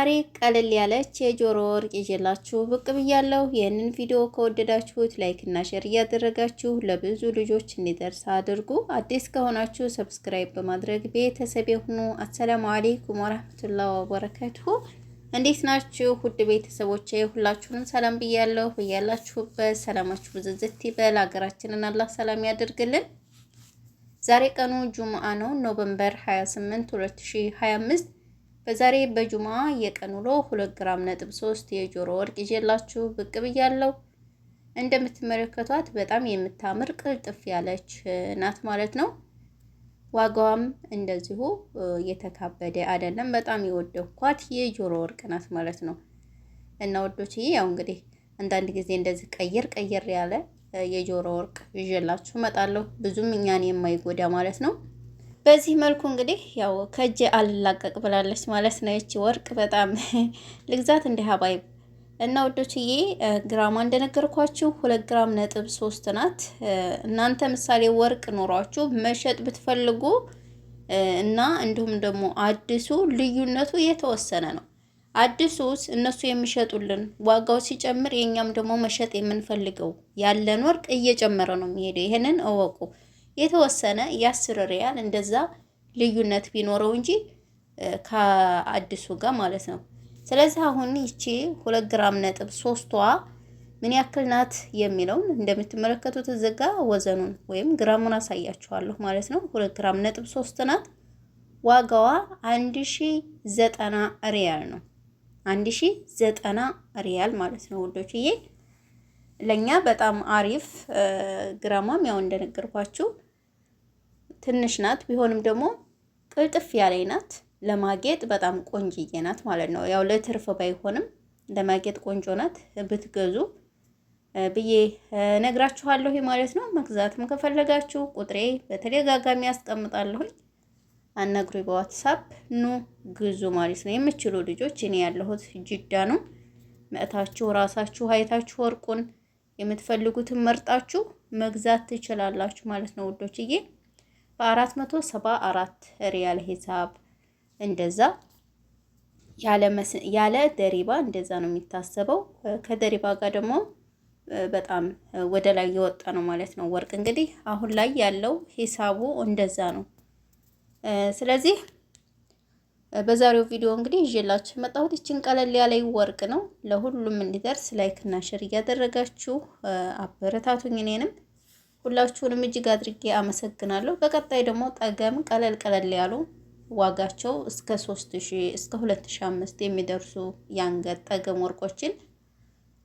ዛሬ ቀለል ያለች የጆሮ ወርቅ ይዤላችሁ ብቅ ብያለሁ። ይህንን ቪዲዮ ከወደዳችሁት ላይክ እና ሼር እያደረጋችሁ ለብዙ ልጆች እንዲደርስ አድርጉ። አዲስ ከሆናችሁ ሰብስክራይብ በማድረግ ቤተሰብ የሆኑ አሰላሙ አሌይኩም ወራህመቱላህ ወበረከቱ። እንዴት ናችሁ ውድ ቤተሰቦቼ? ሁላችሁንም ሰላም ብያለሁ። ብያላችሁበት ሰላማችሁ ብዝዝት ይበል። ሀገራችንን አላህ ሰላም ያደርግልን። ዛሬ ቀኑ ጁምአ ነው፣ ኖቨምበር 28 2025 በዛሬ በጁማ የቀን ውሎ 2 ግራም ነጥብ ሶስት የጆሮ ወርቅ ይዤላችሁ ብቅ ብያለሁ። እንደምትመለከቷት በጣም የምታምር ቅልጥፍ ያለች ናት ማለት ነው። ዋጋዋም እንደዚሁ የተካበደ አይደለም። በጣም የወደኳት የጆሮ ወርቅ ናት ማለት ነው። እና ወዶች ያው እንግዲህ አንዳንድ ጊዜ እንደዚህ ቀየር ቀየር ያለ የጆሮ ወርቅ ይዤላችሁ እመጣለሁ። ብዙም እኛን የማይጎዳ ማለት ነው። በዚህ መልኩ እንግዲህ ያው ከእጄ አልላቀቅ ብላለች ማለት ነው። ይቺ ወርቅ በጣም ልግዛት እንደ ሀባይብ እና ወዶችዬ ግራማ እንደነገርኳችሁ ሁለት ግራም ነጥብ ሶስት ናት። እናንተ ምሳሌ ወርቅ ኖሯችሁ መሸጥ ብትፈልጉ እና እንዲሁም ደግሞ አዲሱ ልዩነቱ የተወሰነ ነው። አዲሱስ እነሱ የሚሸጡልን ዋጋው ሲጨምር የእኛም ደግሞ መሸጥ የምንፈልገው ያለን ወርቅ እየጨመረ ነው የሚሄደው። ይሄንን እወቁ። የተወሰነ የአስር ሪያል እንደዛ ልዩነት ቢኖረው እንጂ ከአዲሱ ጋር ማለት ነው። ስለዚህ አሁን ይቺ ሁለት ግራም ነጥብ ሶስቷ ምን ያክል ናት የሚለውን እንደምትመለከቱት እዝጋ ወዘኑን ወይም ግራሙን አሳያችኋለሁ ማለት ነው። ሁለት ግራም ነጥብ ሶስት ናት። ዋጋዋ አንድ ሺ ዘጠና ሪያል ነው። አንድ ሺ ዘጠና ሪያል ማለት ነው ውዶችዬ፣ ለእኛ በጣም አሪፍ ግራማም ያው እንደነገርኳችሁ ትንሽ ናት፣ ቢሆንም ደግሞ ቅልጥፍ ያለኝ ናት። ለማጌጥ በጣም ቆንጅዬ ናት ማለት ነው። ያው ለትርፍ ባይሆንም ለማጌጥ ቆንጆ ናት። ብትገዙ ብዬ ነግራችኋለሁ ማለት ነው። መግዛትም ከፈለጋችሁ ቁጥሬ በተደጋጋሚ ያስቀምጣለሁኝ። አናግሩኝ በዋትሳፕ ኑ ግዙ ማለት ነው። የምችሉ ልጆች እኔ ያለሁት ጅዳ ነው። መእታችሁ ራሳችሁ አይታችሁ ወርቁን የምትፈልጉትን መርጣችሁ መግዛት ትችላላችሁ ማለት ነው ውዶችዬ። በ474 ሪያል ሂሳብ እንደዛ ያለ ደሪባ እንደዛ ነው የሚታሰበው። ከደሪባ ጋር ደግሞ በጣም ወደ ላይ የወጣ ነው ማለት ነው። ወርቅ እንግዲህ አሁን ላይ ያለው ሂሳቡ እንደዛ ነው። ስለዚህ በዛሬው ቪዲዮ እንግዲህ ይዤላችሁ መጣሁት። ይችን ቀለል ያለ ወርቅ ነው። ለሁሉም እንዲደርስ ላይክ እና ሼር እያደረጋችሁ አበረታቱኝ እኔንም ሁላችሁንም እጅግ አድርጌ አመሰግናለሁ። በቀጣይ ደግሞ ጠገም ቀለል ቀለል ያሉ ዋጋቸው እስከ 3000 እስከ 2005 የሚደርሱ የአንገት ጠገም ወርቆችን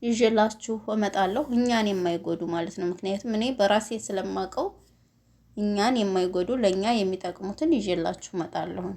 ይዤላችሁ እመጣለሁ። እኛን የማይጎዱ ማለት ነው። ምክንያቱም እኔ በራሴ ስለማውቀው እኛን የማይጎዱ ለእኛ የሚጠቅሙትን ይዤላችሁ እመጣለሁ።